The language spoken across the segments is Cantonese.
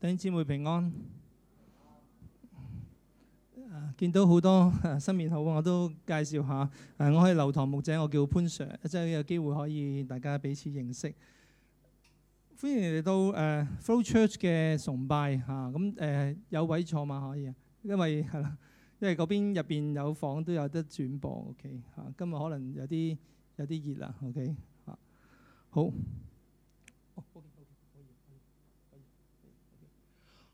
等姊妹平安，誒、啊、見到多、啊、好多新面孔我都介紹下。誒、啊，我係流堂牧者，我叫潘 Sir，即係有機會可以大家彼此認識。啊、歡迎你嚟到誒、uh, Flow Church 嘅崇拜嚇，咁、啊、誒、啊、有位坐嘛可以啊？因為係啦，因為嗰邊入邊有房都有得轉播，OK 嚇、啊。今日可能有啲有啲熱啦 okay? 啊，OK 好。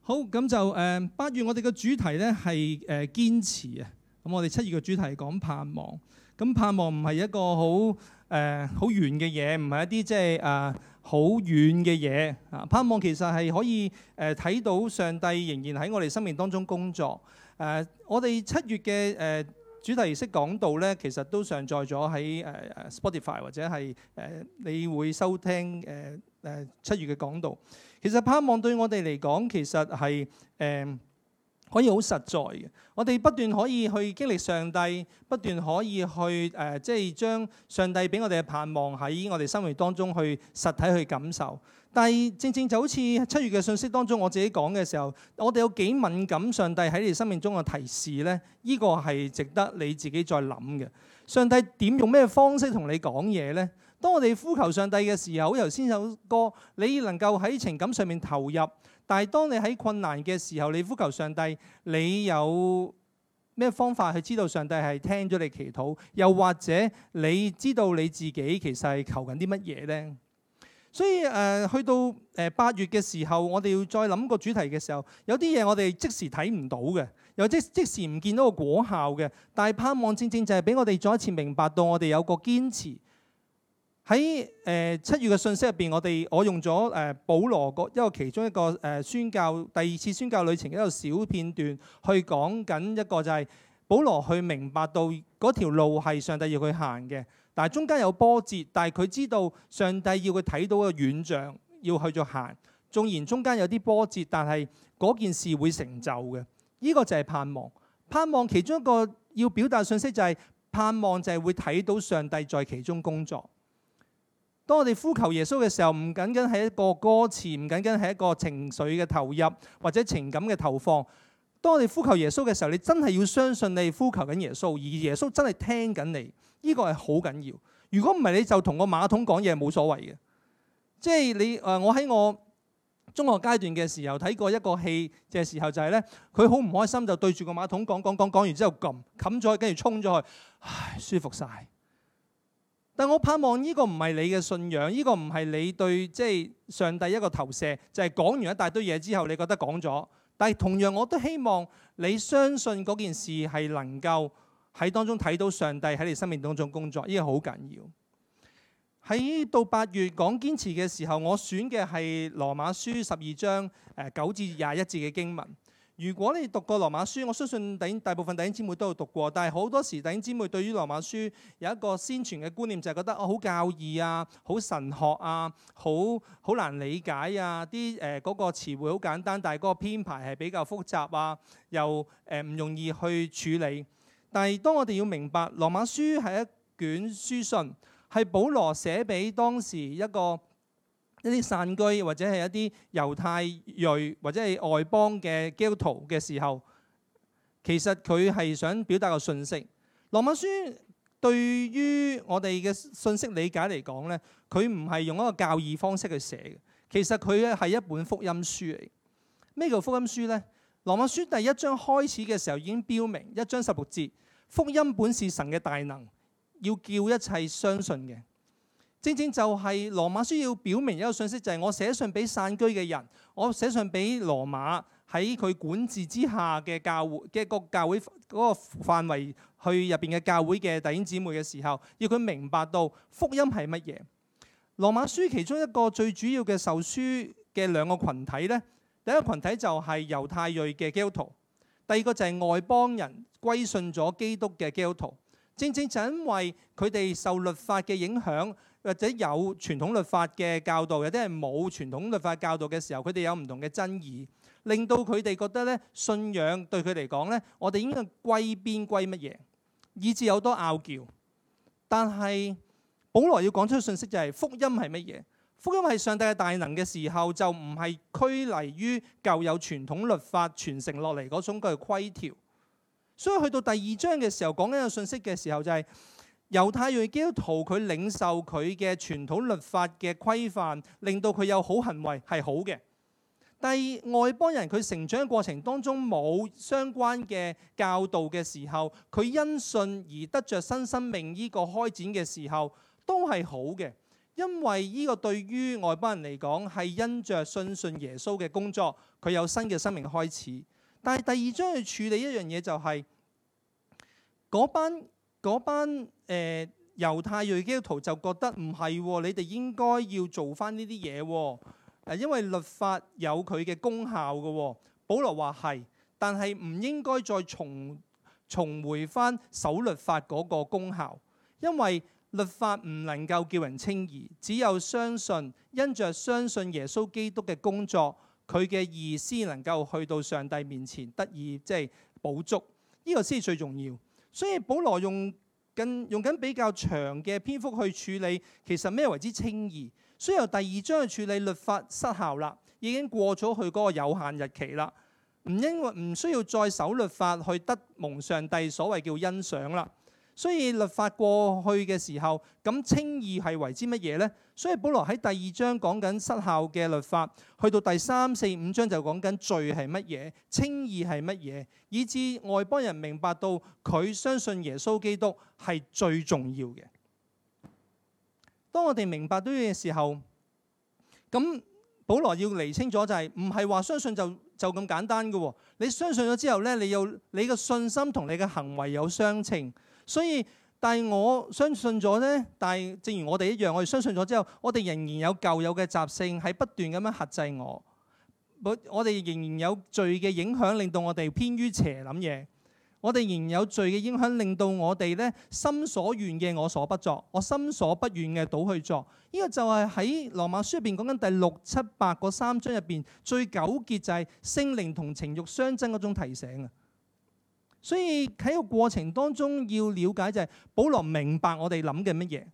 好，咁就誒八月我哋嘅主題呢係誒堅持啊，咁我哋七月嘅主題講盼望，咁盼望唔係一個好誒好遠嘅嘢，唔、呃、係一啲即係誒好遠嘅嘢啊。盼望其實係可以誒睇到上帝仍然喺我哋生命當中工作。誒、呃、我哋七月嘅誒、呃、主題式講道呢，其實都上載咗喺誒誒、呃、Spotify 或者係誒、呃、你會收聽誒誒七月嘅講道。其實盼望對我哋嚟講，其實係誒、呃、可以好實在嘅。我哋不斷可以去經歷上帝，不斷可以去誒，即係將上帝俾我哋嘅盼望喺我哋生活當中去實體去感受。但係正正就好似七月嘅信息當中，我自己講嘅時候，我哋有幾敏感上帝喺你哋生命中嘅提示呢？呢、這個係值得你自己再諗嘅。上帝點用咩方式同你講嘢呢？當我哋呼求上帝嘅時候，好似頭先首歌，你能夠喺情感上面投入。但係，當你喺困難嘅時候，你呼求上帝，你有咩方法去知道上帝係聽咗你祈禱？又或者你知道你自己其實係求緊啲乜嘢呢？所以誒、呃，去到誒八月嘅時候，我哋要再諗個主題嘅時候，有啲嘢我哋即時睇唔到嘅，又即即時唔見到個果效嘅，但係盼望正正就係俾我哋再一次明白到我哋有個堅持。喺誒七月嘅信息入邊，我哋我用咗誒保羅，個一個其中一個誒宣教、第二次宣教旅程一個小片段去講緊一個，就係保羅去明白到嗰條路係上帝要佢行嘅，但係中間有波折，但係佢知道上帝要佢睇到個遠像要去咗行。縱然中間有啲波折，但係嗰件事會成就嘅。呢、這個就係盼望。盼望其中一個要表達信息就係盼望，就係會睇到上帝在其中工作。當我哋呼求耶穌嘅時候，唔僅僅係一個歌詞，唔僅僅係一個情緒嘅投入或者情感嘅投放。當我哋呼求耶穌嘅時候，你真係要相信你呼求緊耶穌，而耶穌真係聽緊你。呢個係好緊要。如果唔係，你就同個馬桶講嘢，冇所謂嘅。即係你誒，我喺我中學階段嘅時候睇過一個戲嘅時候、就係，就係呢：「佢好唔開心，就對住個馬桶講講講，講完之後撳冚咗去，跟住沖咗去，唉，舒服晒。」但我盼望呢個唔係你嘅信仰，呢、這個唔係你對即係、就是、上帝一個投射，就係、是、講完一大堆嘢之後，你覺得講咗。但係同樣我都希望你相信嗰件事係能夠喺當中睇到上帝喺你生命當中工作，呢、這個好緊要。喺到八月講堅持嘅時候，我選嘅係羅馬書十二章誒九至廿一節嘅經文。如果你讀過羅馬書，我相信等大部分弟兄姊妹都有讀過，但係好多時弟兄姊妹對於羅馬書有一個先傳嘅觀念，就係、是、覺得哦好教義啊，好神學啊，好好難理解啊，啲誒嗰個詞彙好簡單，但係嗰個編排係比較複雜啊，又誒唔、呃、容易去處理。但係當我哋要明白羅馬書係一卷書信，係保羅寫俾當時一個。一啲散居或者係一啲猶太裔或者係外邦嘅基 e n，嘅時候，其實佢係想表達個信息。羅馬書對於我哋嘅信息理解嚟講呢，佢唔係用一個教義方式去寫嘅，其實佢係一本福音書嚟。咩叫福音書呢？羅馬書第一章開始嘅時候已經標明一章十六節，福音本是神嘅大能，要叫一切相信嘅。正正就係羅馬書要表明一個信息，就係我寫信俾散居嘅人，我寫信俾羅馬喺佢管治之下嘅教會嘅個教會嗰個範圍去入邊嘅教會嘅弟兄姊妹嘅時候，要佢明白到福音係乜嘢。羅馬書其中一個最主要嘅受書嘅兩個群體呢，第一個群體就係猶太裔嘅基督徒，第二個就係外邦人歸信咗基督嘅基督徒。正正就因為佢哋受律法嘅影響，或者有傳統律法嘅教導，或者係冇傳統律法教導嘅時候，佢哋有唔同嘅爭議，令到佢哋覺得咧信仰對佢嚟講咧，我哋應該歸邊歸乜嘢，以至有多拗撬。但係保羅要講出嘅信息就係福音係乜嘢？福音係上帝嘅大能嘅時候，就唔係拘泥於舊有傳統律法傳承落嚟嗰種嘅規條。所以去到第二章嘅時候講緊個信息嘅時候，就是，就係猶太裔基督徒佢領受佢嘅傳統律法嘅規範，令到佢有好行為係好嘅。第二，外邦人佢成長過程當中冇相關嘅教導嘅時候，佢因信而得着新生命呢個開展嘅時候，都係好嘅，因為呢個對於外邦人嚟講，係因着信信耶穌嘅工作，佢有新嘅生命開始。但係第二章去處理一樣嘢，就是，就係嗰班班誒、呃、猶太裔基督徒就覺得唔係、哦，你哋應該要做翻呢啲嘢誒，因為律法有佢嘅功效嘅，哦。保羅話係，但係唔應該再重重回翻守律法嗰個功效，因為律法唔能夠叫人稱義，只有相信因着相信耶穌基督嘅工作。佢嘅意思能夠去到上帝面前得以即係補足，呢、這個先最重要。所以保羅用跟用緊比較長嘅篇幅去處理，其實咩為之稱義？所以由第二章去處理律法失效啦，已經過咗去嗰個有限日期啦，唔應唔需要再守律法去得蒙上帝所謂叫欣賞啦。所以律法過去嘅時候，咁稱義係為之乜嘢呢？所以保羅喺第二章講緊失效嘅律法，去到第三四五章就講緊罪係乜嘢，稱義係乜嘢，以致外邦人明白到佢相信耶穌基督係最重要嘅。當我哋明白到呢嘅時候，咁保羅要厘清咗就係唔係話相信就就咁簡單嘅。你相信咗之後呢，你有你嘅信心同你嘅行為有相稱。所以，但係我相信咗呢。但係正如我哋一樣，我哋相信咗之後，我哋仍然有舊有嘅習性喺不斷咁樣轄制我。我哋仍然有罪嘅影響，令到我哋偏於邪諗嘢。我哋仍然有罪嘅影響，令到我哋呢，心所願嘅我所不作，我心所不願嘅倒去作。呢、這個就係喺《羅馬書》入邊講緊第六、七、八嗰三章入邊最糾結就係聖靈同情欲相爭嗰種提醒啊！所以喺個過程當中要了解就係保羅明白我哋諗嘅乜嘢。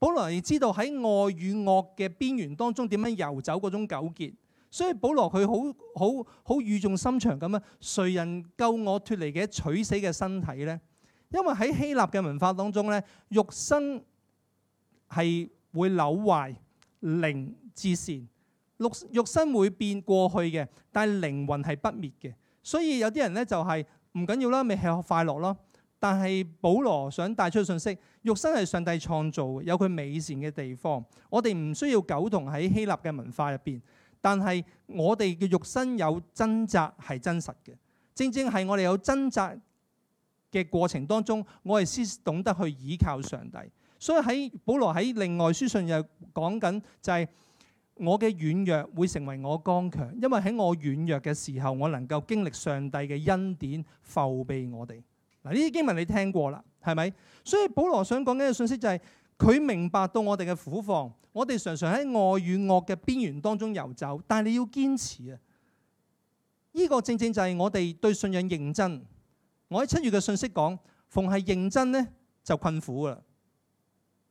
保羅知道喺愛與惡嘅邊緣當中點樣遊走嗰種糾結。所以保羅佢好好好語重心長咁啊，「誰人救我脱離嘅取死嘅身體呢？」因為喺希臘嘅文化當中呢，肉身係會扭壞靈至善，肉肉身會變過去嘅，但係靈魂係不滅嘅。所以有啲人呢，就係、是。唔緊要啦，咪係快樂咯。但係保羅想帶出嘅信息，肉身係上帝創造嘅，有佢美善嘅地方。我哋唔需要苟同喺希臘嘅文化入邊，但係我哋嘅肉身有掙扎係真實嘅。正正係我哋有掙扎嘅過程當中，我哋先懂得去倚靠上帝。所以喺保羅喺另外書信又講緊就係。我嘅軟弱會成為我剛強，因為喺我軟弱嘅時候，我能夠經歷上帝嘅恩典，扶庇我哋。嗱，呢啲經文你聽過啦，係咪？所以保羅想講嘅信息就係，是，佢明白到我哋嘅苦況，我哋常常喺愛與惡嘅邊緣當中游走，但係你要堅持啊！呢，這個正正就係我哋對信仰認真。我喺七月嘅信息講，逢係認真呢，就困苦噶啦。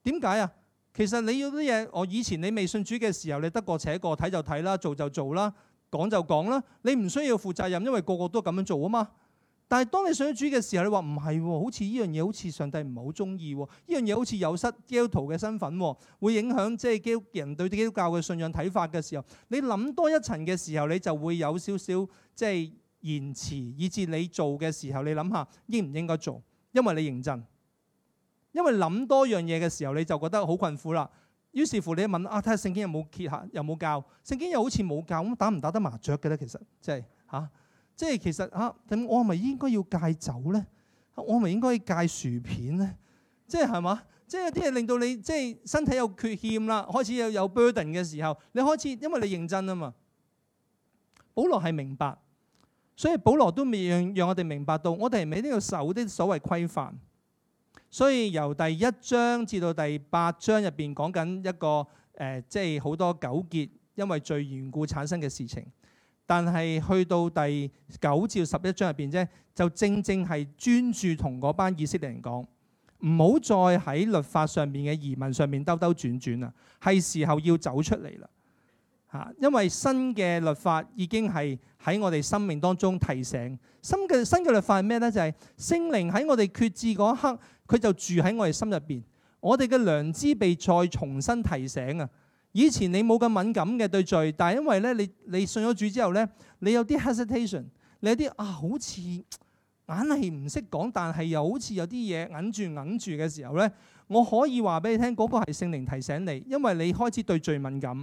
點解啊？其實你有啲嘢，我以前你未信主嘅時候，你得過且過，睇就睇啦，做就做啦，講就講啦，你唔需要負責任，因為個個都咁樣做啊嘛。但係當你信主嘅時候，你話唔係喎，好似呢樣嘢好似上帝唔係好中意喎，呢樣嘢好似有失基督徒嘅身份喎，會影響即係基督人對基督教嘅信仰睇法嘅時候，你諗多一層嘅時候，你就會有少少即係延遲，以至你做嘅時候，你諗下應唔應該做，因為你認真。因為諗多樣嘢嘅時候，你就覺得好困苦啦。於是乎，你問啊，睇下聖經有冇揭下，又冇教，聖經又好似冇教，咁打唔打得麻雀嘅咧？其實即係吓，即係其實吓，咁，啊，我係咪應該要戒酒咧？我係咪應該戒薯片咧？即係係嘛？即係啲嘢令到你即係身體有缺陷啦，開始又有 burden 嘅時候，你開始因為你認真啊嘛。保羅係明白，所以保羅都未讓讓我哋明白到，我哋係咪要守啲所謂規範？所以由第一章至到第八章入邊，講緊一個誒，即係好多糾結，因為罪緣故產生嘅事情。但係去到第九至十一章入邊啫，就正正係專注同嗰班以色列人講，唔好再喺律法上面嘅疑問上面兜兜轉轉啦。係時候要走出嚟啦，吓，因為新嘅律法已經係喺我哋生命當中提醒，新嘅新嘅律法係咩咧？就係聖靈喺我哋決志嗰一刻。佢就住喺我哋心入邊，我哋嘅良知被再重新提醒啊！以前你冇咁敏感嘅對罪，但係因為呢，你你信咗主之後呢，你有啲 hesitation，你有啲啊，好似硬係唔識講，但係又好似有啲嘢揞住揞住嘅時候呢，我可以話俾你聽，嗰個係聖靈提醒你，因為你開始對罪敏感，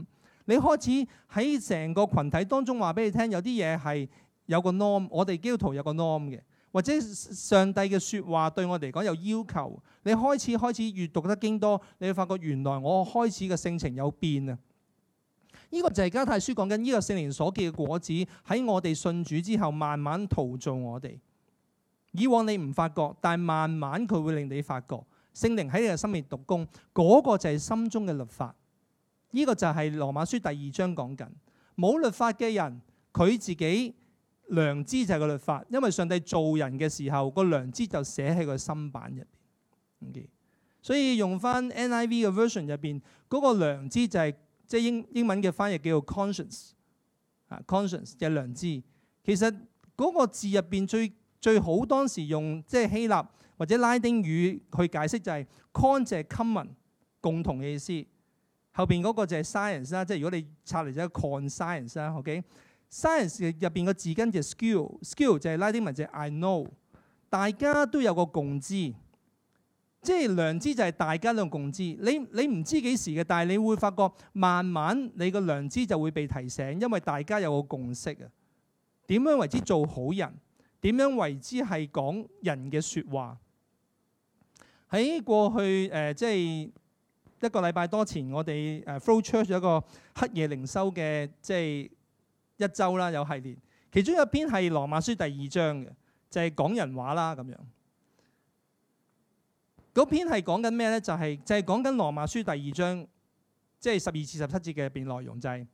你開始喺成個群體當中話俾你聽，有啲嘢係有個 norm，我哋基督徒有個 norm 嘅。或者上帝嘅説話對我嚟講有要求，你開始開始閱讀得經多，你會發覺原來我開始嘅性情有變啊！呢個就係加泰書講緊呢個聖靈所結嘅果子，喺我哋信主之後慢慢陶造我哋。以往你唔發覺，但慢慢佢會令你發覺，聖靈喺你嘅心面動工，嗰個就係心中嘅律法。呢個就係羅馬書第二章講緊冇律法嘅人，佢自己。良知就係個律法，因為上帝造人嘅時候，良個，嗯嗰個良知就寫喺個心板入邊。所以用翻 NIV 嘅 version 入邊，嗰個良知就係即係英英文嘅翻譯叫做 conscience、啊、conscience 即係良知。其實嗰個字入邊最最好當時用即係、就係、希臘或者拉丁語去解釋，就係 con 係 common 共同嘅意思，後邊嗰個就係 science 啦，即係如果你拆嚟就係 conscience 啦，OK。science 入入邊個字根就係 skill，skill 就係拉丁文就係，I know，大家都有個共知，即係良知就係大家都有共知。你你唔知幾時嘅，但係你會發覺慢慢你個良知就會被提醒，因為大家有個共識啊。點樣為之做好人？點樣為之係講人嘅説話？喺過去誒、呃，即係一個禮拜多前，我哋誒 flow church 有一個黑夜靈修嘅，即係。一周啦，有系列，其中一篇係《羅馬書》第二章嘅，就係講人話啦咁樣。嗰篇係講緊咩呢？就係就係講緊《羅馬書》第二章，即係十二至十七節嘅入邊內容，就係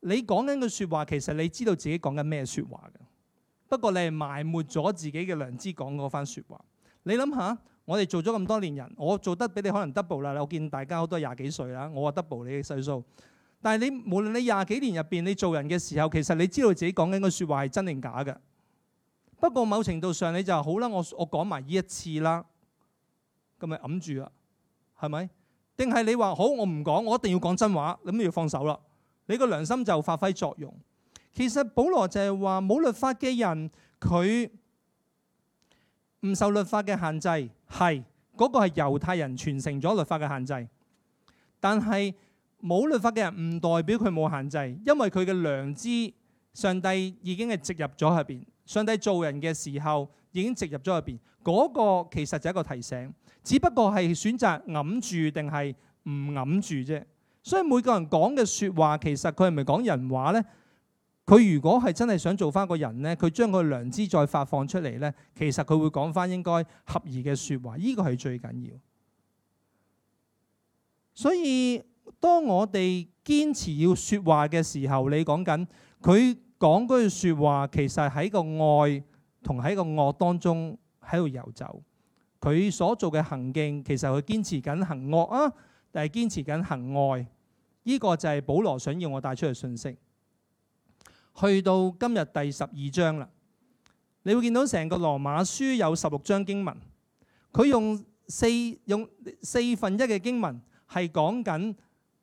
你講緊嘅説話，其實你知道自己講緊咩説話嘅。不過你係埋沒咗自己嘅良知講嗰番説話。你諗下，我哋做咗咁多年人，我做得比你可能 double 啦。我見大家好多廿幾歲啦，我話 double 你嘅歲數。但係你，無論你廿幾年入邊，你做人嘅時候，其實你知道自己講緊個説話係真定假嘅。不過某程度上，你就係、好啦，我我講埋呢一次啦，咁咪揞住啦，係咪？定係你話好，我唔講，我一定要講真話，咁你要放手啦。你個良心就發揮作用。其實保羅就係話，冇律法嘅人，佢唔受律法嘅限制，係嗰、嗰個係猶太人傳承咗律法嘅限制，但係。冇律法嘅人唔代表佢冇限制，因為佢嘅良知，上帝已經係植入咗入邊。上帝做人嘅時候，已經植入咗入邊。嗰個其實就一個提醒，只不過係選擇揞住定係唔揞住啫。所以每個人講嘅說話，其實佢係咪講人話咧？佢如果係真係想做翻個人咧，佢將個良知再發放出嚟咧，其實佢會講翻應該合宜嘅說話。呢個係最緊要。所以。當我哋堅持要說話嘅時候，你講緊佢講句說話，其實喺個愛同喺個惡當中喺度遊走。佢所做嘅行徑，其實佢堅持緊行惡啊，定係堅持緊行愛。呢個就係保羅想要我帶出嘅信息。去到今日第十二章啦，你會見到成個羅馬書有十六章經文，佢用四用四分一嘅經文係講緊。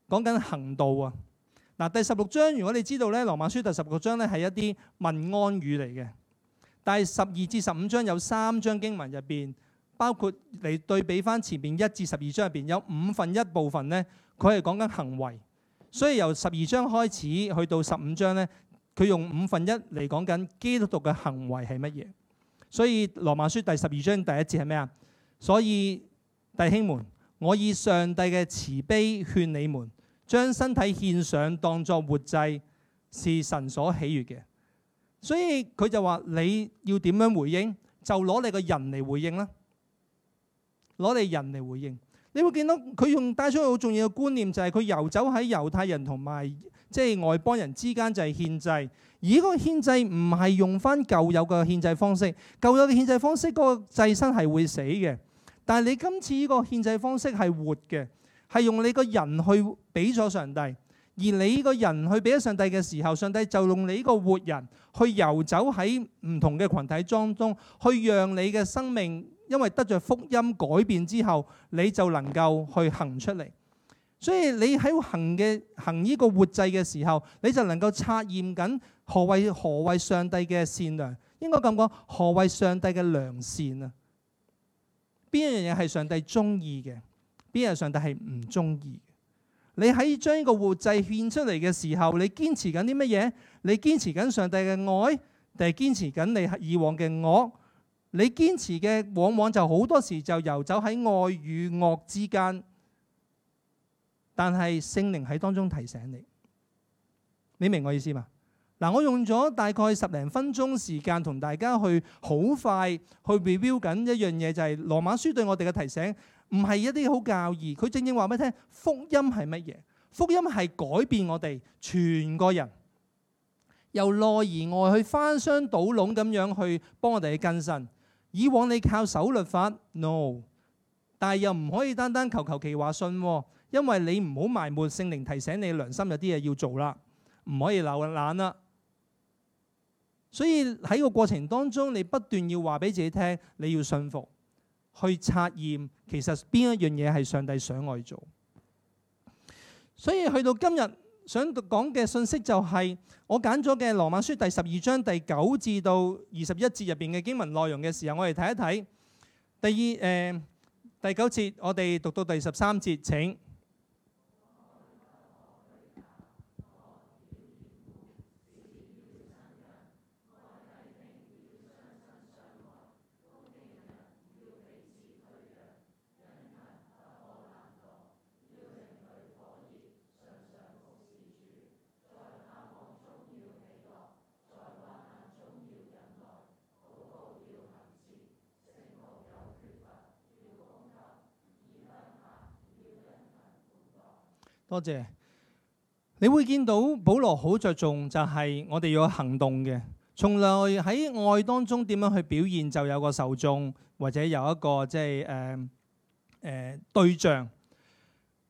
講緊行道啊！嗱，第十六章如果你知道咧，羅馬書第十六章咧係一啲問安語嚟嘅。第十二至十五章有三章經文入邊，包括你對比翻前面一至十二章入邊，有五分一部分呢，佢係講緊行為。所以由十二章開始去到十五章呢，佢用五分一嚟講緊基督徒嘅行為係乜嘢。所以羅馬書第十二章第一節係咩啊？所以弟兄們，我以上帝嘅慈悲勸你們。將身體獻上當作活祭，是神所喜悦嘅。所以佢就話：你要點樣回應？就攞你個人嚟回應啦，攞你人嚟回應。你會見到佢用帶出好重要嘅觀念，就係佢遊走喺猶太人同埋即係外邦人之間就係獻祭。而呢個獻祭唔係用翻舊有嘅獻祭方式，舊有嘅獻祭方式嗰個祭牲係會死嘅。但係你今次呢個獻祭方式係活嘅。係用你個人去俾咗上帝，而你個人去俾咗上帝嘅時候，上帝就用你個活人去遊走喺唔同嘅群體當中，去讓你嘅生命因為得着福音改變之後，你就能夠去行出嚟。所以你喺行嘅行呢個活祭嘅時候，你就能夠察驗緊何為何為上帝嘅善良，應該咁講，何為上帝嘅良善啊？邊樣嘢係上帝中意嘅？邊日上帝係唔中意？你喺將呢個活祭獻出嚟嘅時候，你堅持緊啲乜嘢？你堅持緊上帝嘅愛，定係堅持緊你以往嘅惡？你堅持嘅往往就好多時就游走喺愛與惡之間。但係聖靈喺當中提醒你，你明我意思嘛？嗱，我用咗大概十零分鐘時間同大家去好快去 review 緊一樣嘢，就係羅馬書對我哋嘅提醒。唔係一啲好教義，佢正正話俾你聽，福音係乜嘢？福音係改變我哋全個人，由內而外去翻箱倒籠咁樣去幫我哋去更新。以往你靠守律法，no，但係又唔可以單單求求其話信，因為你唔好埋沒聖靈提醒你良心有啲嘢要做啦，唔可以流懶啦。所以喺個過程當中，你不斷要話俾自己聽，你要信服。去察驗，其實邊一樣嘢係上帝想我做。所以去到今日想讀講嘅信息就係，我揀咗嘅《羅馬書》第十二章第九至到二十一節入邊嘅經文內容嘅時候，我哋睇一睇。第二，誒、呃，第九節我哋讀到第十三節，請。多謝，你會見到保羅好着重就係我哋要行動嘅，從來喺愛當中點樣去表現，就有個受眾或者有一個即係誒誒對象。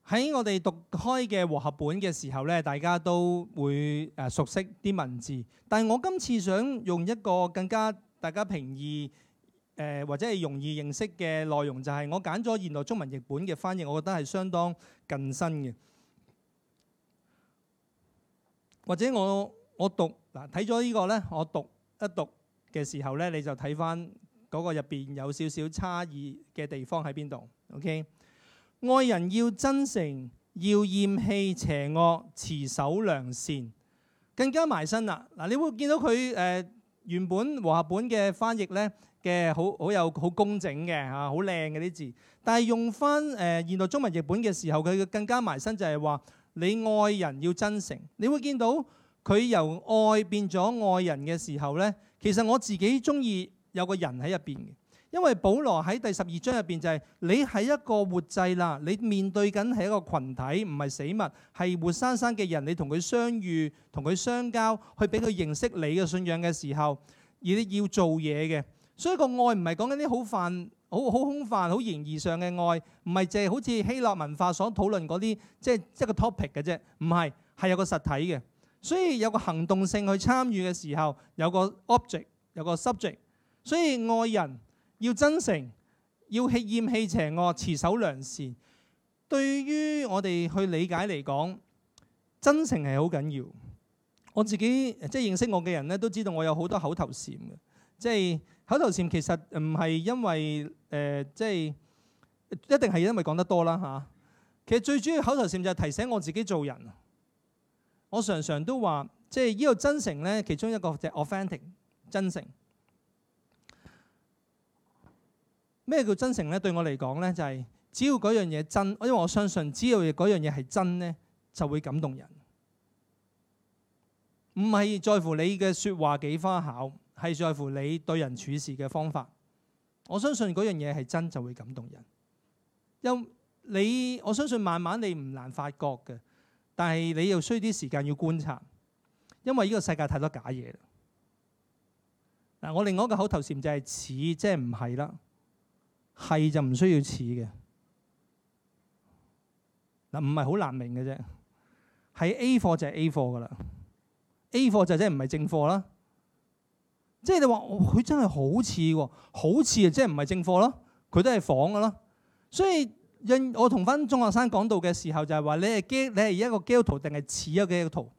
喺我哋讀開嘅和合本嘅時候咧，大家都會誒熟悉啲文字，但係我今次想用一個更加大家平易誒、呃、或者係容易認識嘅內容，就係、是、我揀咗現代中文譯本嘅翻譯，我覺得係相當近身嘅。或者我我讀嗱睇咗呢個呢，我讀一讀嘅時候呢，你就睇翻嗰個入邊有少少差異嘅地方喺邊度？OK，愛人要真誠，要厭棄邪惡，持守良善，更加埋身啦。嗱，你會見到佢誒、呃、原本和合本嘅翻譯呢嘅好好有好工整嘅嚇，好靚嘅啲字，但係用翻誒現代中文譯本嘅時候，佢更加埋身就係話。你愛人要真誠，你會見到佢由愛變咗愛人嘅時候呢，其實我自己中意有個人喺入邊嘅，因為保羅喺第十二章入邊就係、是、你係一個活祭啦，你面對緊係一個群體，唔係死物，係活生生嘅人，你同佢相遇、同佢相交，去俾佢認識你嘅信仰嘅時候，而你要做嘢嘅，所以個愛唔係講緊啲好泛。好好空泛、好形而上嘅愛，唔係淨係好似希臘文化所討論嗰啲，即係一個 topic 嘅啫。唔係，係有個實體嘅，所以有個行動性去參與嘅時候，有個 object，有個 subject。所以愛人要真誠，要厭棄邪惡，持守良善。對於我哋去理解嚟講，真誠係好緊要。我自己即係認識我嘅人呢，都知道我有好多口頭禪嘅，即係口頭禪其實唔係因為。誒、呃，即係一定係因為講得多啦嚇、啊。其實最主要口頭禪就係提醒我自己做人。我常常都話，即係呢個真誠咧，其中一個就係 authentic 真誠。咩叫真誠咧？對我嚟講咧，就係、是、只要嗰樣嘢真，因為我相信只要嗰樣嘢係真咧，就會感動人。唔係在乎你嘅説話幾花巧，係在乎你對人處事嘅方法。我相信嗰樣嘢係真，就會感動人因，因你我相信慢慢你唔難發覺嘅，但係你又需要啲時間要觀察，因為呢個世界太多假嘢。嗱，我另外一個口頭禪就係似，即係唔係啦，係就唔需要似嘅。嗱，唔係好難明嘅啫，係 A 貨就係 A 貨噶啦，A 貨就即係唔係正貨啦。即係你話佢、哦、真係好似喎，好似啊！即係唔係正貨咯？佢都係仿噶啦。所以印我同返中學生講到嘅時候，就係、是、話你係基你係一個基督徒定係似一個基督徒？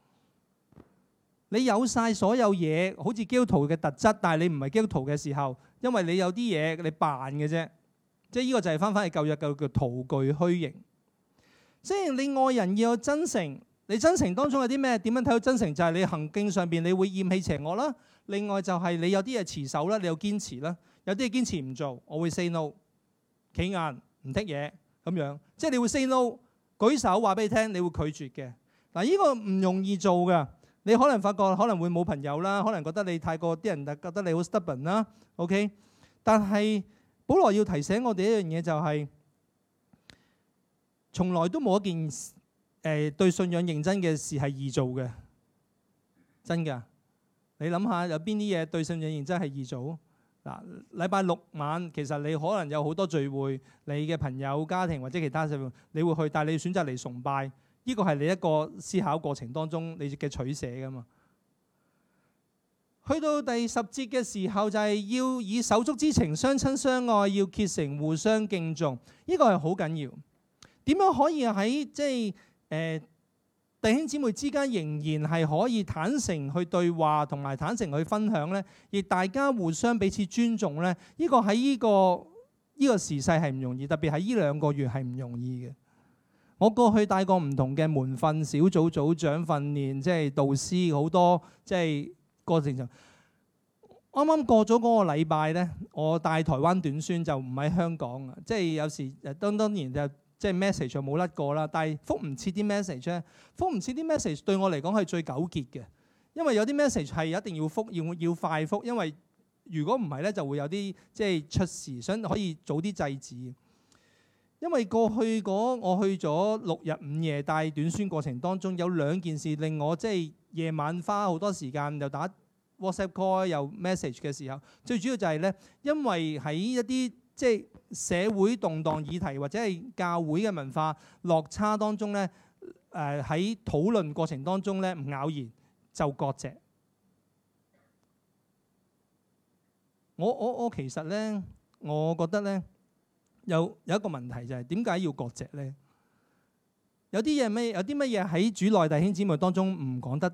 你有晒所有嘢，好似基督徒嘅特質，但係你唔係基督徒嘅時候，因為你有啲嘢你扮嘅啫。即係呢個就係返返去舊約嘅叫徒具虛形。雖然你愛人要有真誠，你真誠當中有啲咩？點樣睇到真誠？就係、是、你行徑上邊，你會厭棄邪惡啦。另外就係你有啲嘢持守啦，你有堅持啦，有啲嘢堅持唔做，我會 say no，企硬唔剔嘢咁樣，即係你會 say no，舉手話俾你聽，你會拒絕嘅。嗱，呢個唔容易做㗎，你可能發覺可能會冇朋友啦，可能覺得你太過啲人覺得你好 stubborn 啦，OK。但係保羅要提醒我哋一樣嘢就係、是，從來都冇一件誒、呃、對信仰認真嘅事係易做嘅，真㗎。你諗下有邊啲嘢對信仰認真係易做？嗱，禮拜六晚其實你可能有好多聚會，你嘅朋友、家庭或者其他社會，你會去，但係你要選擇嚟崇拜，呢個係你一個思考過程當中你嘅取捨㗎嘛。去到第十節嘅時候，就係、是、要以手足之情相親相愛，要結成互相敬重，呢個係好緊要。點樣可以喺即係誒？呃弟兄姊妹之間仍然係可以坦誠去對話，同埋坦誠去分享呢而大家互相彼此尊重呢呢、呢個喺呢、呢個呢、呢個時勢係唔容易，特別喺呢兩個月係唔容易嘅。我過去帶過唔同嘅門訓小組組長訓練，即係導師好多，即係過程啱啱過就啱啱過咗嗰個禮拜呢我帶台灣短宣就唔喺香港啊，即係有時當當然就。即係 message 就冇甩過啦，但係覆唔切啲 message 咧，覆唔切啲 message 對我嚟講係最糾結嘅，因為有啲 message 係一定要覆，要要快覆，因為如果唔係咧就會有啲即係出事，想可以早啲制止。因為過去嗰我去咗六日五夜帶短宣過程當中，有兩件事令我即係夜晚花好多時間又打 WhatsApp call 又 message 嘅時候，最主要就係、是、咧，因為喺一啲。即係社會動盪議題，或者係教會嘅文化落差當中呢，誒喺討論過程當中呢，唔咬言就割席。我我我其實呢，我覺得呢，有有一個問題就係點解要割席呢？有啲嘢咩？有啲乜嘢喺主內弟兄姊妹當中唔講得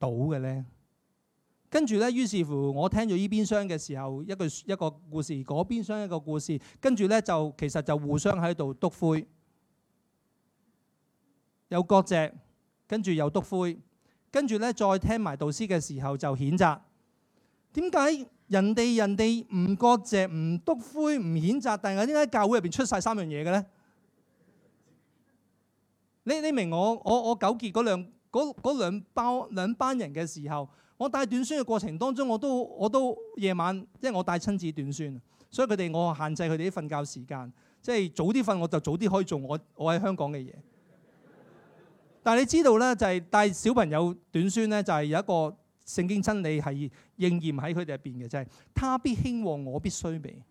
到嘅呢？跟住咧，於是乎我聽咗依邊箱嘅時候，一句一個故事，嗰邊箱一個故事。跟住咧就其實就互相喺度篤灰，有割席，跟住又督灰，跟住咧再聽埋導師嘅時候就譴責。點解人哋人哋唔割席、唔督灰、唔譴責，但係點解教會入邊出晒三樣嘢嘅咧？你你明我我我糾結嗰兩嗰兩包兩班人嘅時候？我帶短宣嘅過程當中，我都我都夜晚，即係我帶親子短宣，所以佢哋我限制佢哋啲瞓覺時間，即係早啲瞓我就早啲可以做我我喺香港嘅嘢。但係你知道呢，就係、是、帶小朋友短宣呢，就係、是、有一個聖經真理係應驗喺佢哋入邊嘅，就係、是、他必興旺，我必衰微。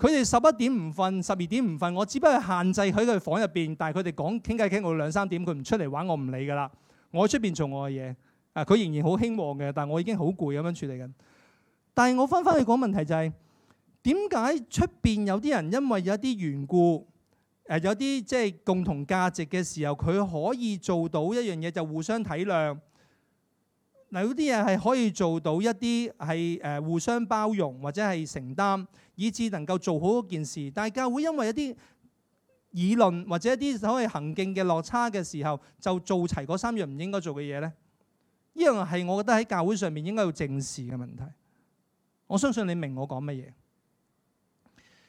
佢哋十一點唔瞓，十二點唔瞓，我只不過限制喺佢房入邊，但係佢哋講傾偈傾我兩三點，佢唔出嚟玩，我唔理噶啦，我喺出邊做我嘅嘢。啊！佢仍然好興旺嘅，但我已經好攰咁樣處理緊。但係我翻翻去講問題就係點解出邊有啲人因為有一啲緣故，誒有啲即係共同價值嘅時候，佢可以做到一樣嘢就互相體諒。嗱，有啲嘢係可以做到一啲係誒互相包容或者係承擔，以至能夠做好件事。大家會因為一啲議論或者一啲所謂行徑嘅落差嘅時候，就做齊嗰三樣唔應該做嘅嘢呢。依樣係，我覺得喺教會上面應該要正視嘅問題。我相信你明我講乜嘢，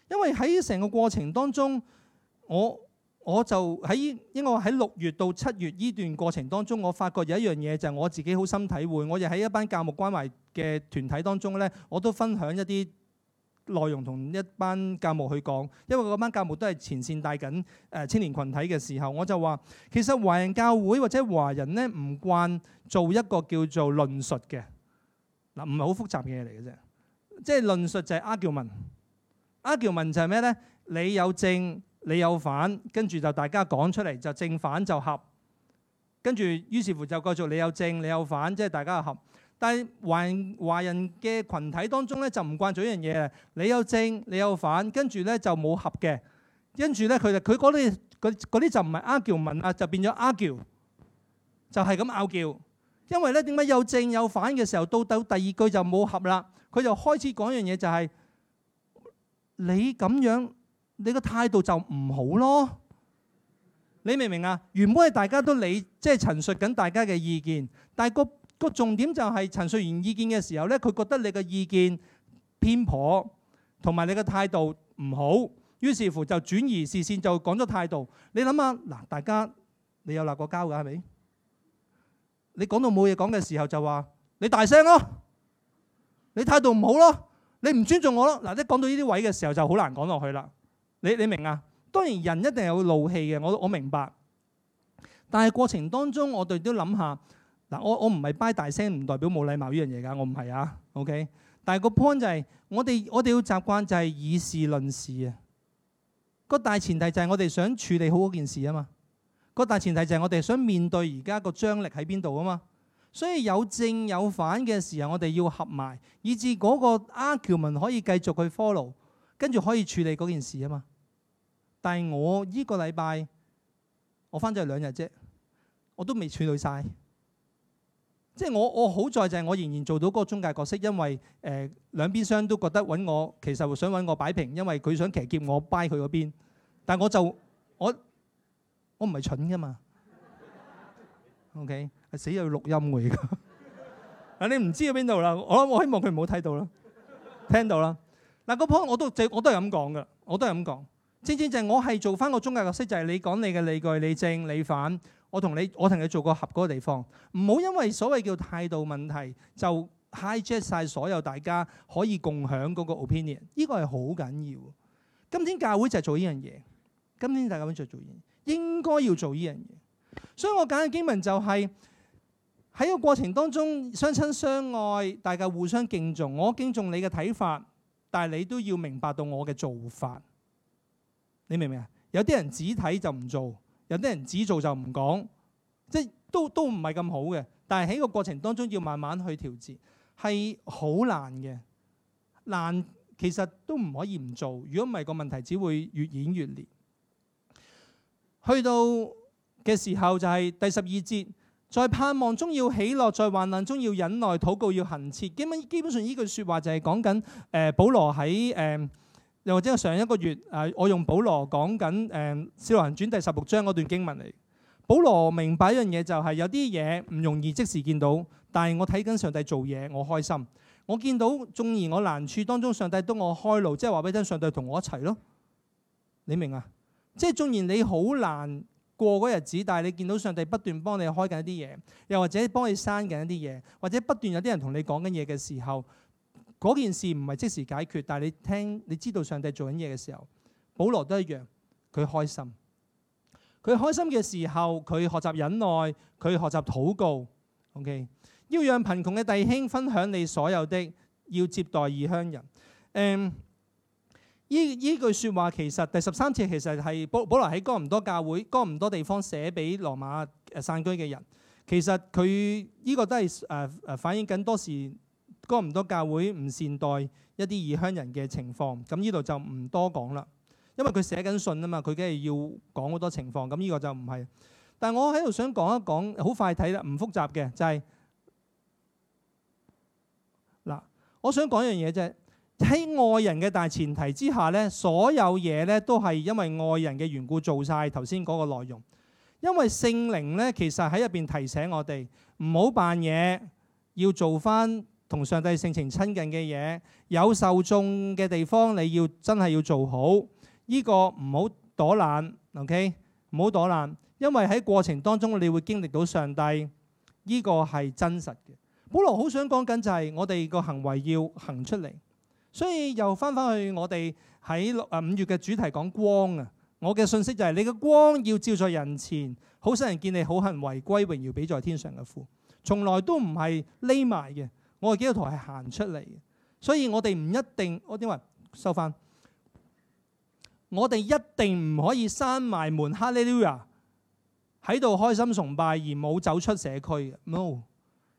因為喺成個過程當中，我我就喺應該喺六月到七月呢段過程當中，我發覺有一樣嘢就係我自己好深體會。我亦喺一班教牧關懷嘅團體當中呢，我都分享一啲內容同一班教牧去講，因為嗰班教牧都係前線帶緊誒青年群體嘅時候，我就話其實華人教會或者華人呢唔慣做一個叫做論述嘅嗱，唔係好複雜嘅嘢嚟嘅啫，即係論述就係 argument，argument 就係咩呢？你有正，你有反，跟住就大家講出嚟，就正反就合，跟住於是乎就叫做你有正，你有反，即係大家合。但係華華人嘅群體當中咧就唔慣咗一樣嘢，你有正你有反，跟住咧就冇合嘅，跟住咧佢就佢嗰啲嗰嗰啲就唔係阿嬌文啊，就變咗阿嬌，就係咁拗撬。因為咧點解有正有反嘅時候，到到第二句就冇合啦，佢就開始講一樣嘢就係、是、你咁樣，你個態度就唔好咯。你明唔明啊？原本係大家都理，即、就、係、是、陳述緊大家嘅意見，但係、那個。個重點就係陳述完意見嘅時候呢，佢覺得你嘅意見偏頗，同埋你嘅態度唔好，於是乎就轉移視線，就講咗態度。你諗下嗱，大家你有鬧過交㗎係咪？你講到冇嘢講嘅時候就話你大聲咯、啊，你態度唔好咯、啊，你唔尊重我咯、啊。嗱，即講到呢啲位嘅時候就好難講落去啦。你你明啊？當然人一定有怒氣嘅，我我明白。但係過程當中我想想，我哋都諗下。嗱，我我唔係拜大聲，唔代表冇禮貌呢樣嘢噶。我唔係啊，OK。但係個 point 就係我哋我哋要習慣就係以事論事啊。個大前提就係我哋想處理好嗰件事啊嘛。個大前提就係我哋想面對而家個張力喺邊度啊嘛。所以有正有反嘅時候，我哋要合埋，以致嗰個阿喬文可以繼續去 follow，跟住可以處理嗰件事啊嘛。但係我呢個禮拜我翻咗去兩日啫，我都未處理晒。即係我我好在就係我仍然做到嗰個中介角色，因為誒、呃、兩邊商都覺得揾我，其實想揾我擺平，因為佢想騎劫我掰佢嗰邊，但係我就我我唔係蠢噶嘛 ，OK 係死咗要錄音嚟㗎。嗱 你唔知喺邊度啦，我諗我希望佢唔好睇到啦，聽到啦。嗱，嗰 point 我都就我都係咁講㗎，我都係咁講，正正就係我係做翻個中介角色，就係、是、你講你嘅理據、你正、你反。我同你，我同你做個合嗰個地方，唔好因為所謂叫態度問題就 hijack 曬所有大家可以共享嗰個 opinion，呢個係好緊要。今天教會就係做呢樣嘢，今天教會就做呢樣，應該要做呢樣嘢。所以我揀嘅經文就係喺個過程當中相親相愛，大家互相敬重。我敬重你嘅睇法，但係你都要明白到我嘅做法。你明唔明啊？有啲人只睇就唔做。有啲人只做就唔講，即都都唔係咁好嘅。但係喺個過程當中要慢慢去調節，係好難嘅。難其實都唔可以唔做，如果唔係個問題只會越演越烈。去到嘅時候就係第十二節，在盼望中要喜樂，在患難中要忍耐，禱告要恆切。基本基本上依句説話就係講緊、呃、保羅喺又或者我上一個月，誒，我用保羅講緊誒《小羅蘭傳》倫倫第十六章嗰段經文嚟。保羅明白一樣嘢、就是，就係有啲嘢唔容易即時見到，但係我睇緊上帝做嘢，我開心。我見到縱然我難處當中，上帝都我開路，即係話俾你聽，上帝同我一齊咯。你明啊？即係縱然你好難過嗰日子，但係你見到上帝不斷幫你開緊一啲嘢，又或者幫你刪緊一啲嘢，或者不斷有啲人同你講緊嘢嘅時候。嗰件事唔係即時解決，但係你聽，你知道上帝做緊嘢嘅時候，保羅都一樣，佢開心。佢開心嘅時候，佢學習忍耐，佢學習禱告。OK，要讓貧窮嘅弟兄分享你所有的，要接待異鄉人。誒、嗯，依依句説話其實第十三節其實係保保羅喺哥林多教會、哥林多地方寫俾羅馬散、呃、居嘅人。其實佢呢、這個都係誒誒反映緊多時。嗰唔多教會唔善待一啲異鄉人嘅情況，咁呢度就唔多講啦，因為佢寫緊信啊嘛，佢梗係要講好多情況，咁呢個就唔係。但係我喺度想講一講，好快睇啦，唔複雜嘅，就係嗱，我想講一樣嘢啫，喺愛人嘅大前提之下呢，所有嘢呢，都係因為愛人嘅緣故做晒頭先嗰個內容，因為聖靈呢，其實喺入邊提醒我哋唔好扮嘢，要做翻。同上帝性情親近嘅嘢，有受眾嘅地方，你要真係要做好呢個，唔好躲懶。O K，唔好躲懶，因為喺過程當中你會經歷到上帝呢個係真實嘅。保羅好想講緊就係我哋個行為要行出嚟，所以又翻返去我哋喺啊五月嘅主題講光啊。我嘅信息就係你嘅光要照在人前，好使人見你，好行為歸榮耀比在天上嘅父，從來都唔係匿埋嘅。我嘅基督徒係行出嚟嘅，所以我哋唔一定。我點話收翻？我哋一定唔可以閂埋門，哈利路亞喺度開心崇拜而冇走出社區。No，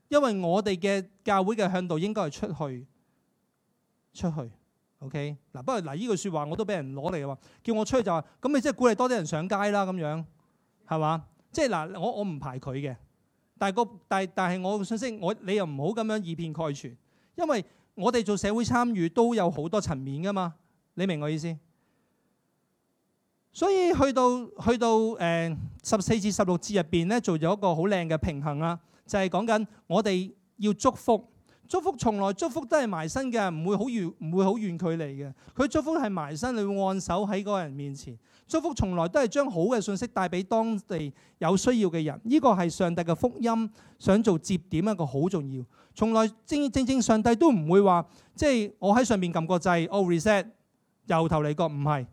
因為我哋嘅教會嘅向度應該係出去、出去。OK，嗱，不過嗱，依句説話我都俾人攞嚟話，叫我出去就話咁你即係鼓勵多啲人上街啦咁樣，係嘛？即係嗱，我我唔排佢嘅。但個但但係我個信息，我你又唔好咁樣以偏概全，因為我哋做社會參與都有好多層面㗎嘛，你明我意思？所以去到去到誒十四至十六節入邊咧，做咗一個好靚嘅平衡啊，就係講緊我哋要祝福。祝福從來祝福都係埋身嘅，唔會好遠，唔會好遠距離嘅。佢祝福係埋身你會按手喺嗰個人面前。祝福從來都係將好嘅信息帶俾當地有需要嘅人。呢、這個係上帝嘅福音，想做節點一個好重要。從來正正正上帝都唔會話，即係我喺上面撳個掣，我、哦、reset 由頭嚟過，唔係。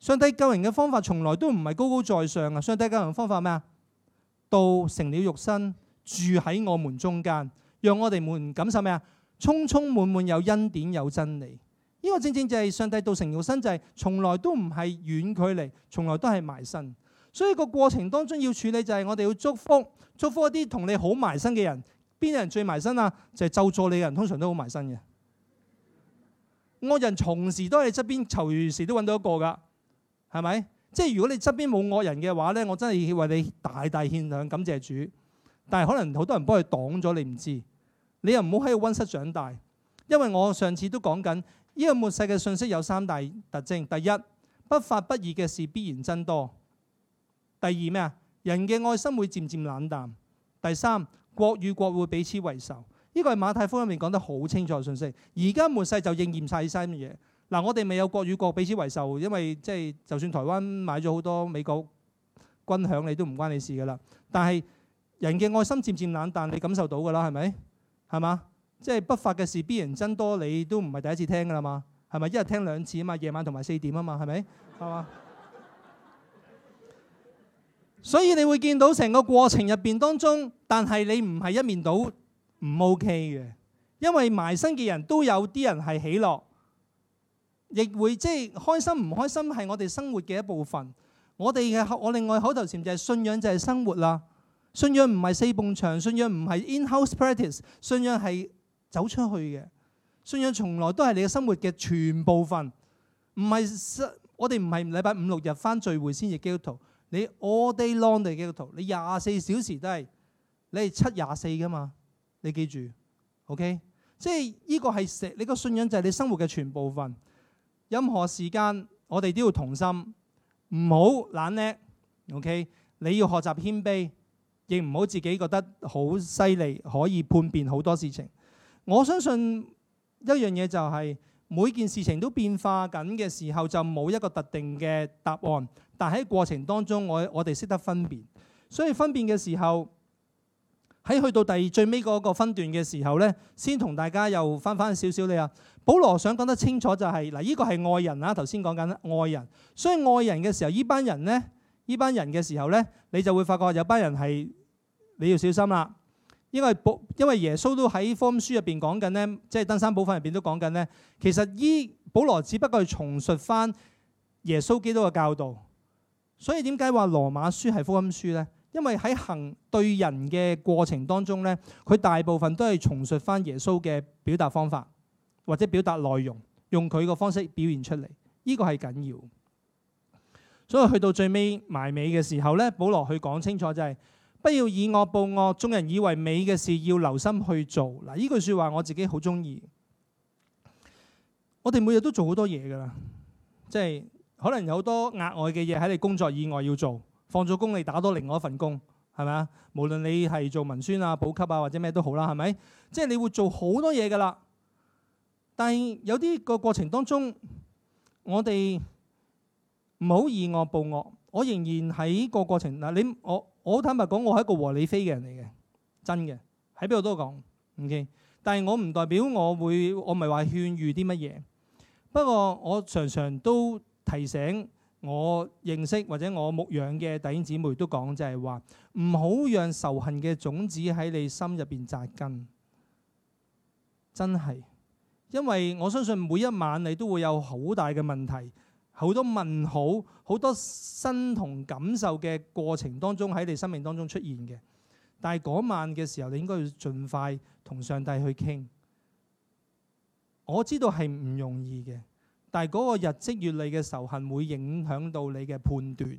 上帝救人嘅方法從來都唔係高高在上啊！上帝救人嘅方法係咩啊？到成了肉身，住喺我們中間。讓我哋滿感受咩啊？充充滿滿，有恩典有真理，呢、這個正正就係上帝道成肉身就係、是、從來都唔係遠距離，從來都係埋身。所以個過程當中要處理就係我哋要祝福祝福一啲同你好埋身嘅人。邊啲人最埋身啊？就係、是、咒詛你嘅人，通常都好埋身嘅。惡人從時都係你側邊，隨時都揾到一個噶，係咪？即係如果你側邊冇惡人嘅話呢，我真係為你大大獻上感謝主。但係可能好多人幫佢擋咗，你唔知。你又唔好喺個溫室長大，因為我上次都講緊呢個末世嘅信息有三大特徵：第一，不法不義嘅事必然增多；第二，咩啊？人嘅愛心會漸漸冷淡；第三，國與國會彼此為仇。呢個係馬太福音入面講得好清楚嘅信息。而家末世就應驗曬晒三樣嘢。嗱，我哋未有國與國彼此為仇，因為即係就算台灣買咗好多美國軍響，你都唔關你事噶啦。但係人嘅愛心漸漸冷淡，你感受到噶啦，係咪？係嘛？即係不法嘅事必然增多，你都唔係第一次聽㗎啦嘛。係咪一日聽兩次啊嘛？夜晚同埋四點啊嘛，係咪？係嘛？ 所以你會見到成個過程入邊當中，但係你唔係一面倒唔 OK 嘅，因為埋身嘅人都有啲人係喜樂，亦會即係、就是、開心唔開心係我哋生活嘅一部分。我哋嘅我另外口頭禪就係信仰就係、是、生活啦。信仰唔係四埲牆，信仰唔係 in-house practice，信仰係走出去嘅。信仰從來都係你嘅生活嘅全部份，唔係我哋唔係禮拜五六日翻聚會先至基督徒，你 all day long 嘅基督徒，你廿四小時都係，你係七廿四噶嘛？你記住，OK，即係呢個係你個信仰就係你生活嘅全部份。任何時間我哋都要同心，唔好懶叻，OK。你要學習謙卑。亦唔好自己覺得好犀利，可以判別好多事情。我相信一樣嘢就係每件事情都變化緊嘅時候，就冇一個特定嘅答案。但喺過程當中，我我哋識得分辨。所以分辨嘅時候，喺去到第二最尾嗰個分段嘅時候呢，先同大家又翻翻少少。你啊，保羅想講得清楚就係嗱，呢個係愛人啊。頭先講緊愛人，所以愛人嘅時候，呢班人呢，呢班人嘅時候呢，你就會發覺有班人係。你要小心啦，因為保因為耶穌都喺福音書入邊講緊呢，即係登山寶訓入邊都講緊呢。其實依保羅只不過係重述翻耶穌基督嘅教導，所以點解話羅馬書係福音書呢？因為喺行對人嘅過程當中呢，佢大部分都係重述翻耶穌嘅表達方法或者表達內容，用佢個方式表現出嚟。呢個係緊要，所以去到最尾埋尾嘅時候呢，保羅去講清楚就係、是。不要以惡報惡，眾人以為美嘅事要留心去做。嗱，呢句説話我自己好鍾意。我哋每日都做好多嘢㗎喇，即係可能有好多額外嘅嘢喺你工作以外要做。放咗工你打多另外一份工，係咪啊？無論你係做文宣啊、補給啊或者咩都好啦，係咪？即係你會做好多嘢㗎喇。但係有啲個過程當中，我哋唔好以惡報惡。我仍然喺個過程嗱，你我。我坦白講，我係一個和理非嘅人嚟嘅，真嘅，喺邊度都講，OK。但係我唔代表我會，我唔係話勸喻啲乜嘢。不過我常常都提醒我認識或者我牧養嘅弟兄姊妹都講，就係話唔好讓仇恨嘅種子喺你心入邊扎根。真係，因為我相信每一晚你都會有好大嘅問題。好多問號，好多身同感受嘅過程當中喺你生命當中出現嘅，但係嗰晚嘅時候，你應該要盡快同上帝去傾。我知道係唔容易嘅，但係嗰個日積月累嘅仇恨會影響到你嘅判斷，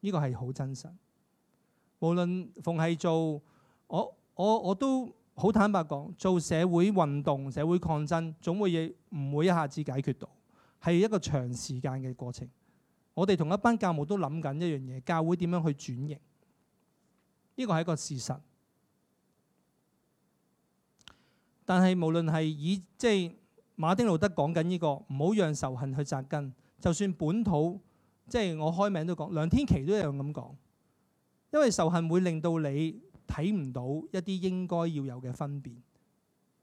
呢個係好真實。無論逢係做我，我我我都好坦白講，做社會運動、社會抗爭，總會亦唔會一下子解決到。係一個長時間嘅過程。我哋同一班教務都諗緊一樣嘢，教會點樣去轉型？呢個係一個事實。但係無論係以即係、就是、馬丁路德講緊呢個，唔好讓仇恨去扎根。就算本土即係、就是、我開名都講，梁天琦都有咁講。因為仇恨會令到你睇唔到一啲應該要有嘅分別。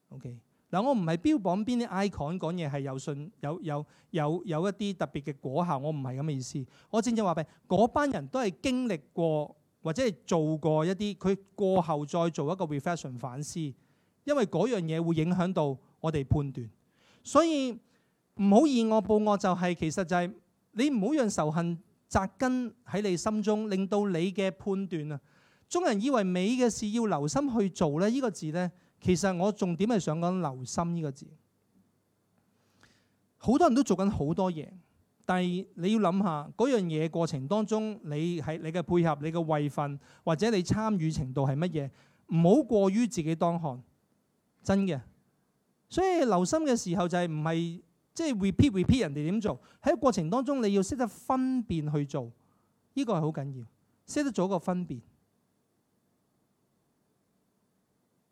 OK。但我唔係標榜邊啲 icon 講嘢係有信有有有有一啲特別嘅果效，我唔係咁嘅意思。我正正話俾，嗰班人都係經歷過或者係做過一啲，佢過後再做一個 reflection 反思，因為嗰樣嘢會影響到我哋判斷。所以唔好以惡報惡、就係，就係其實就係你唔好讓仇恨扎根喺你心中，令到你嘅判斷啊。眾人以為美嘅事要留心去做呢，呢、呢個字呢。其實我重點係想講留心呢個字，好多人都做緊好多嘢，但係你要諗下嗰樣嘢過程當中，你係你嘅配合、你嘅位份或者你參與程度係乜嘢，唔好過於自己當看，真嘅。所以留心嘅時候就係唔係即係、就是、repeat repeat 人哋點做喺過程當中，你要識得分辨去做，呢、這個係好緊要，識得做一個分辨。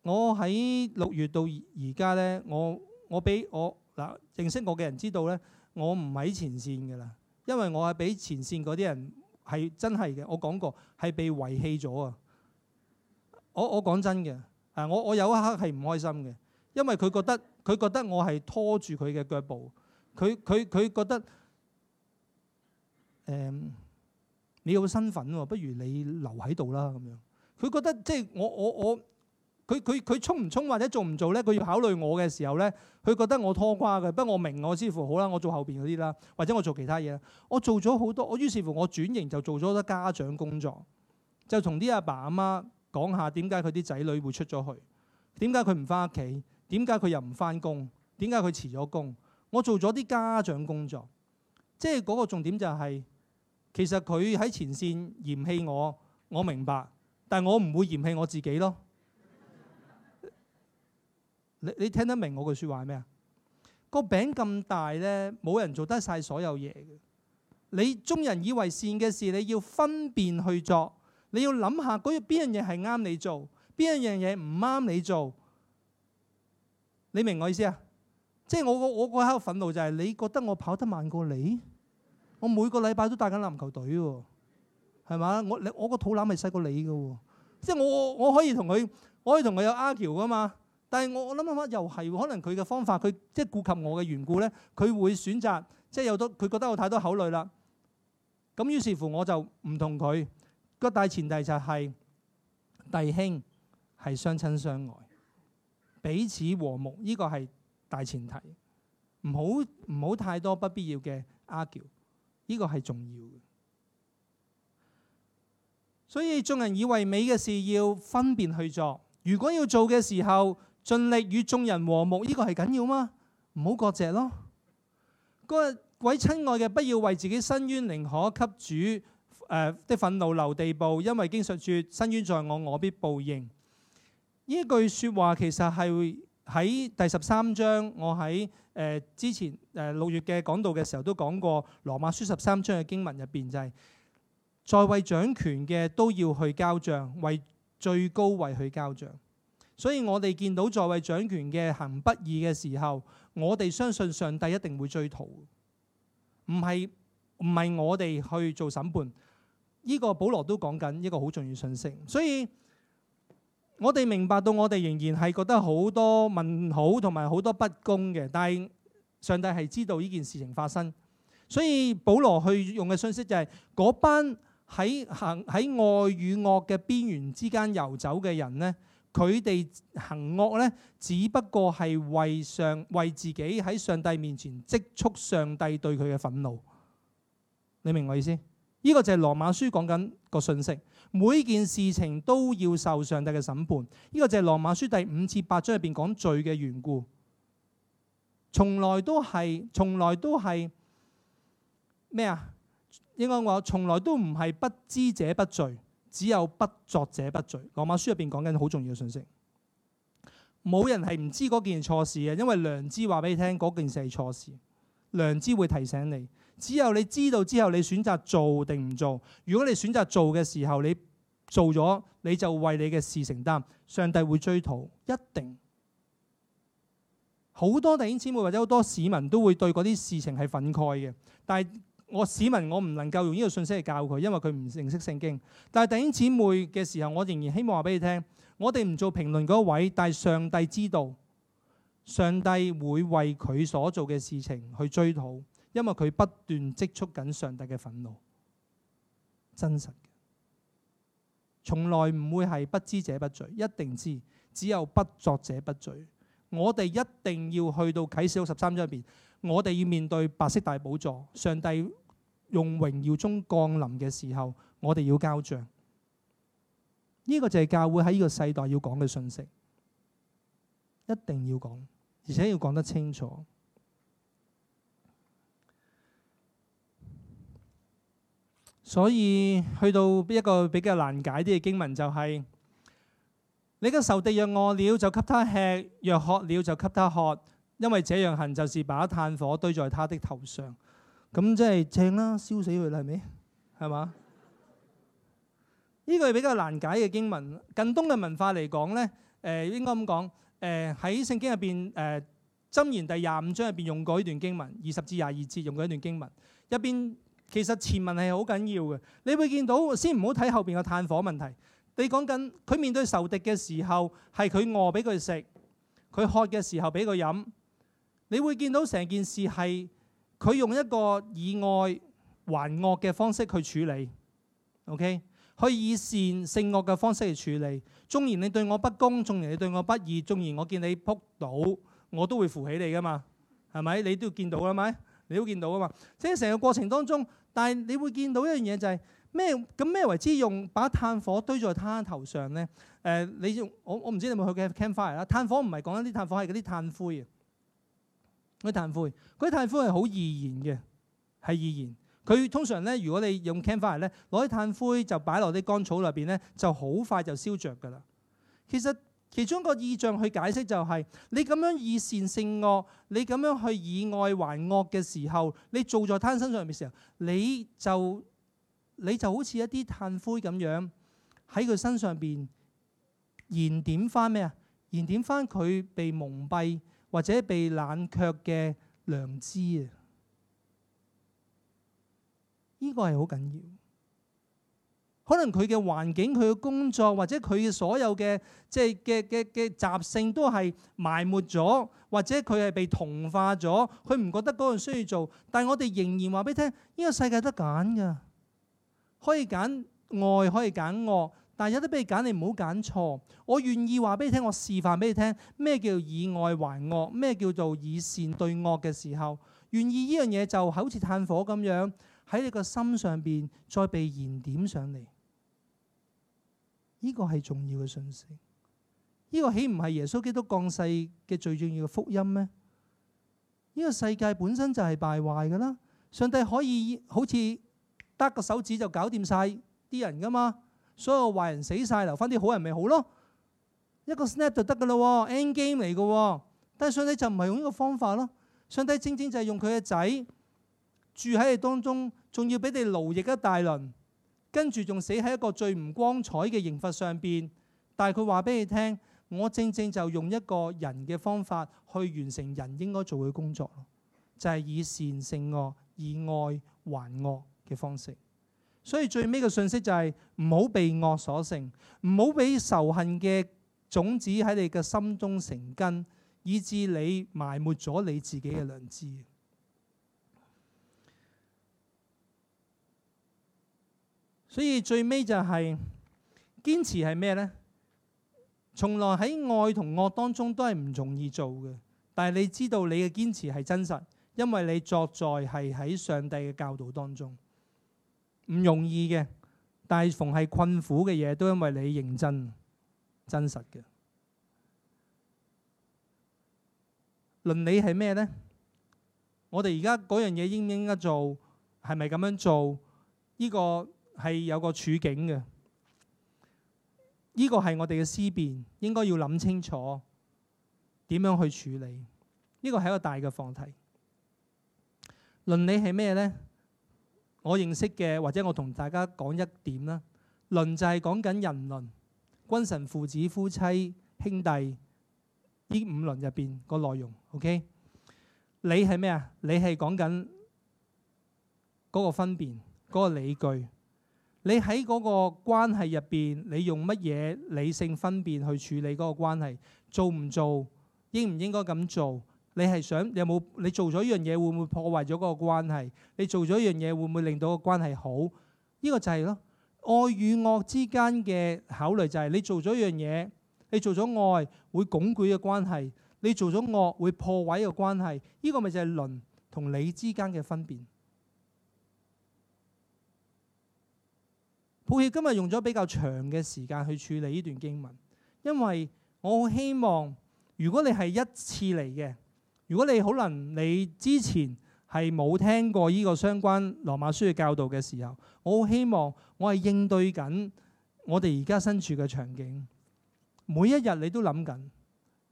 我喺六月到而家呢，我我俾我嗱認識我嘅人知道呢，我唔喺前線嘅啦，因為我係俾前線嗰啲人係真係嘅，我講過係被遺棄咗啊！我我講真嘅，啊我我有一刻係唔開心嘅，因為佢覺得佢覺得我係拖住佢嘅腳步，佢佢佢覺得誒、嗯、你好身份喎，不如你留喺度啦咁樣。佢覺得即係我我我。我我佢佢佢衝唔衝或者做唔做呢？佢要考慮我嘅時候呢，佢覺得我拖垮嘅。不過我明，我於是乎好啦，我做後邊嗰啲啦，或者我做其他嘢。我做咗好多，我於是乎我轉型就做咗多家長工作，就同啲阿爸阿媽講下點解佢啲仔女會出咗去，點解佢唔翻屋企，點解佢又唔翻工，點解佢辭咗工。我做咗啲家長工作，即係嗰個重點就係，其實佢喺前線嫌棄我，我明白，但係我唔會嫌棄我自己咯。你你聽得明我句説話係咩啊？個餅咁大呢，冇人做得晒所有嘢嘅。你眾人以為善嘅事，你要分辨去做。你要諗下嗰邊樣嘢係啱你做，邊樣樣嘢唔啱你做。你明我意思啊？即係我我我喺度憤怒就係、是，你覺得我跑得慢過你？我每個禮拜都帶緊籃球隊喎，係嘛？我我個肚腩係細過你嘅喎，即係我我可以同佢，我可以同佢有 argue 㗎嘛？但係我我諗諗下，又係可能佢嘅方法，佢即係顧及我嘅緣故呢，佢會選擇即係有咗佢覺得有太多考慮啦。咁於是乎我就唔同佢。個大前提就係、是、弟兄係相親相愛，彼此和睦，呢、這個係大前提。唔好唔好太多不必要嘅拗撬，呢個係重要嘅。所以眾人以為美嘅事要分辨去做，如果要做嘅時候。盡力與眾人和睦，呢個係緊要嗎？唔好割席咯。各位親愛嘅，不要為自己申冤，寧可給主誒的憤怒留地步，因為經上説：申冤在我，我必報應。呢句説話其實係喺第十三章，我喺誒、呃、之前誒、呃、六月嘅講道嘅時候都講過《羅馬書》十三章嘅經文入邊就係、是、在位掌權嘅都要去交賬，為最高位去交賬。所以我哋見到在位掌權嘅行不義嘅時候，我哋相信上帝一定會追討。唔係唔係我哋去做審判。呢、呢個保羅都講緊一個好重要信息，所以我哋明白到我哋仍然係覺得好多問號同埋好多不公嘅，但係上帝係知道呢件事情發生，所以保羅去用嘅信息就係嗰班喺行喺愛與惡嘅邊緣之間游走嘅人呢。佢哋行惡呢，只不過係為上為自己喺上帝面前積蓄上帝對佢嘅憤怒，你明我意思？呢個就係羅馬書講緊個信息，每件事情都要受上帝嘅審判。呢個就係羅馬書第五至八章入邊講罪嘅緣故，從來都係，從來都係咩啊？應該話從來都唔係不知者不罪。只有不作者不罪，《羅馬書》入邊講緊好重要嘅信息。冇人係唔知嗰件錯事嘅，因為良知話俾你聽嗰件事係錯事，良知會提醒你。只有你知道之後，你選擇做定唔做。如果你選擇做嘅時候，你做咗，你就為你嘅事承擔，上帝會追討，一定。好多弟兄姊妹或者好多市民都會對嗰啲事情係憤慨嘅，但係，我市民我唔能夠用呢個信息嚟教佢，因為佢唔認識聖經。但係弟兄姊妹嘅時候，我仍然希望話俾你聽：我哋唔做評論嗰位，但係上帝知道，上帝會為佢所做嘅事情去追討，因為佢不斷積蓄緊上帝嘅憤怒。真實嘅，從來唔會係不知者不罪，一定知。只有不作者不罪。我哋一定要去到啟示十三章入邊。我哋要面對白色大寶座，上帝用榮耀中降臨嘅時候，我哋要交賬。呢個就係教會喺呢個世代要講嘅信息，一定要講，而且要講得清楚。所以去到一個比較難解啲嘅經文就係：你嘅仇敵若餓了，就給他吃；若渴了，就給他喝。因為這樣行就是把炭火堆在他的頭上，咁即係正啦，燒死佢啦，係咪？係嘛？呢句，比較難解嘅經文，近東嘅文化嚟講呢，誒、呃，應該咁講，誒喺聖經入邊，誒、呃，箴言第廿五章入邊用過呢段經文，二十至廿二節用過一段經文，入邊其實前文係好緊要嘅，你會見到先唔好睇後邊嘅炭火問題，你講緊佢面對仇敵嘅時候，係佢餓俾佢食，佢渴嘅時候俾佢飲。你會見到成件事係佢用一個以愛還惡嘅方式去處理，OK？佢以善勝惡嘅方式去處理。縱、okay? 然你對我不公，縱然你對我不義，縱然我見你仆倒，我都會扶起你噶嘛？係咪？你都要見到啦，咪？你都見到噶嘛？即係成個過程當中，但係你會見到一樣嘢就係、是、咩？咁咩為之用把炭火堆在他頭上呢？誒、呃，你用我我唔知你有冇去嘅 campfire 啦。炭火唔係講緊啲炭火，係啲炭灰。嗰啲炭灰，嗰啲炭灰係好易燃嘅，係易燃。佢通常咧，如果你用 campfire 咧，攞啲炭灰就擺落啲乾草入邊咧，就好快就燒着㗎啦。其實其中個意象去解釋就係、是，你咁樣以善勝惡，你咁樣去以愛還惡嘅時候，你做在炭身上面嘅時候，你就你就好似一啲炭灰咁樣喺佢身上邊燃點翻咩啊？燃點翻佢被蒙蔽。或者被冷卻嘅良知啊，呢個係好緊要。可能佢嘅環境、佢嘅工作或者佢嘅所有嘅即係嘅嘅嘅習性都係埋沒咗，或者佢係被同化咗，佢唔覺得嗰樣需要做，但係我哋仍然話俾你聽，呢個世界得揀㗎，可以揀愛，可以揀惡。大家都俾你揀，你唔好揀錯。我願意話俾你聽，我示範俾你聽咩叫以愛還惡，咩叫做以善對惡嘅時候，願意呢樣嘢就好似炭火咁樣喺你個心上邊再被燃點上嚟。呢個係重要嘅訊息。呢個豈唔係耶穌基督降世嘅最重要嘅福音咩？呢個世界本身就係敗壞噶啦，上帝可以好似得個手指就搞掂晒啲人噶嘛？所有壞人死晒，留翻啲好人咪好咯，一個 snap 就得噶咯，end game 嚟噶。但係上帝就唔係用呢個方法咯，上帝正正就係用佢嘅仔住喺你當中，仲要俾你勞役一大輪，跟住仲死喺一個最唔光彩嘅刑罰上邊。但係佢話俾你聽，我正正就用一個人嘅方法去完成人應該做嘅工作，就係、是、以善勝惡，以愛還惡嘅方式。所以最尾嘅信息就係唔好被惡所勝，唔好俾仇恨嘅種子喺你嘅心中成根，以致你埋沒咗你自己嘅良知。所以最尾就係、是、堅持係咩呢？從來喺愛同惡當中都係唔容易做嘅，但係你知道你嘅堅持係真實，因為你作在係喺上帝嘅教導當中。唔容易嘅，但係逢係困苦嘅嘢，都因為你認真、真實嘅。倫理係咩呢？我哋而家嗰樣嘢應唔應該做，係咪咁樣做？呢個係有個處境嘅，呢個係我哋嘅思辨，應該要諗清楚點樣去處理。呢個係一個大嘅課題。倫理係咩呢？我認識嘅，或者我同大家講一點啦。倫就係講緊人倫，君臣、父子、夫妻、兄弟，呢五倫入邊個內容。OK？理係咩啊？理係講緊嗰個分辨，嗰、嗰個理據。你喺嗰個關係入邊，你用乜嘢理性分辨去處理嗰個關係？做唔做？應唔應該咁做？你係想你有冇？你做咗一樣嘢會唔會破壞咗嗰個關係？你做咗一樣嘢會唔會令到個關係好？呢、這個就係、是、咯愛與惡之間嘅考慮，就係你做咗一樣嘢，你做咗愛會鞏固嘅關係，你做咗惡會破壞嘅關係。呢、這個咪就係倫同你之間嘅分別。抱歉今日用咗比較長嘅時間去處理呢段經文，因為我好希望，如果你係一次嚟嘅。如果你可能你之前係冇聽過呢個相關羅馬書嘅教導嘅時候，我好希望我係應對緊我哋而家身處嘅場景。每一日你都諗緊，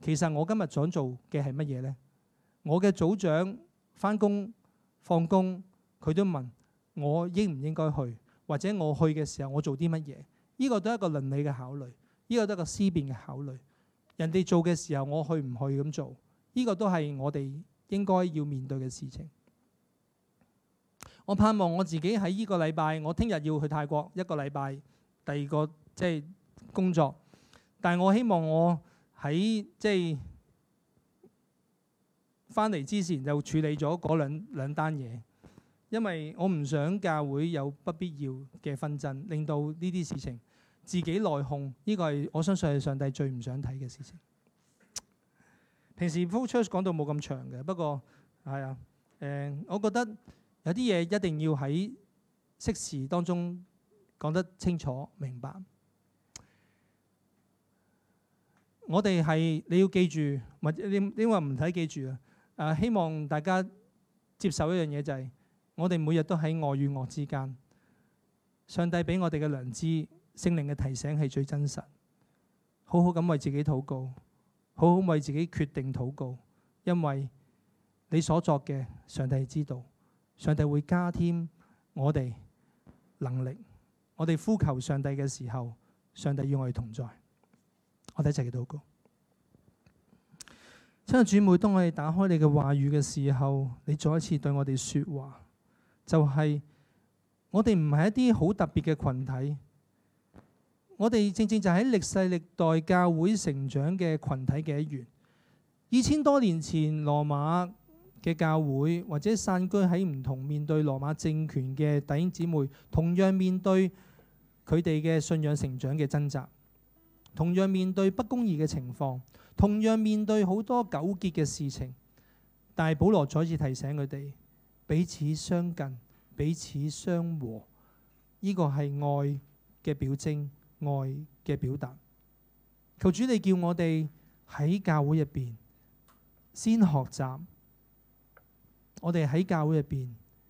其實我今日想做嘅係乜嘢咧？我嘅組長翻工放工，佢都問我應唔應該去，或者我去嘅時候我做啲乜嘢？呢個都係一個倫理嘅考慮，呢個都係個思辨嘅考慮。人哋做嘅時候，我去唔去咁做？呢個都係我哋應該要面對嘅事情。我盼望我自己喺呢個禮拜，我聽日要去泰國一個禮拜，第二個即係工作。但係我希望我喺即係翻嚟之前就處理咗嗰兩兩單嘢，因為我唔想教會有不必要嘅紛爭，令到呢啲事情自己內控。呢、這個係我相信係上帝最唔想睇嘅事情。平時 flow church 講到冇咁長嘅，不過係啊，誒、嗯，我覺得有啲嘢一定要喺適時當中講得清楚明白。我哋係你要記住，或者你你話唔睇記住啊？啊，希望大家接受一樣嘢就係、是，我哋每日都喺愛與惡之間。上帝俾我哋嘅良知、聖靈嘅提醒係最真實。好好咁為自己禱告。好好為自己決定禱告，因為你所作嘅，上帝知道，上帝會加添我哋能力。我哋呼求上帝嘅時候，上帝與我哋同在。我哋一齊禱告。親愛 主，每當我哋打開你嘅話語嘅時候，你再一次對我哋說話，就係、是、我哋唔係一啲好特別嘅群體。我哋正正就喺歷世歷代教會成長嘅群體嘅一員。二千多年前羅馬嘅教會，或者散居喺唔同面對羅馬政權嘅弟兄姊妹，同樣面對佢哋嘅信仰成長嘅掙扎，同樣面對不公義嘅情況，同樣面對好多糾結嘅事情。但係保羅再次提醒佢哋，彼此相近，彼此相和，呢個係愛嘅表徵。愛嘅表達，求主你叫我哋喺教會入邊先學習，我哋喺教會入邊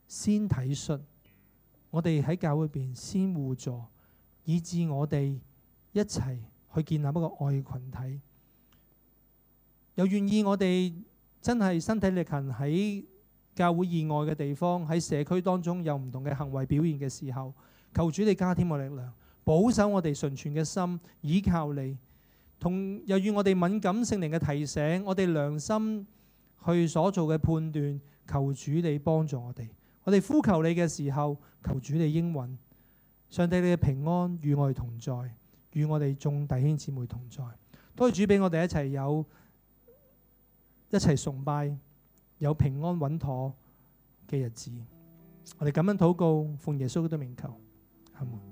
先體恤，我哋喺教會入邊先互助，以致我哋一齊去建立一個愛嘅群體。又願意我哋真係身體力行喺教會以外嘅地方，喺社區當中有唔同嘅行為表現嘅時候，求主你加添我力量。保守我哋純全嘅心，依靠你，同又與我哋敏感聖靈嘅提醒，我哋良心去所做嘅判斷，求主你幫助我哋。我哋呼求你嘅時候，求主你應允。上帝你嘅平安與我哋同在，與我哋眾弟兄姊妹同在，多謝主俾我哋一齊有一齊崇拜，有平安穩妥嘅日子。我哋咁樣禱告，奉耶穌基督名求，阿門。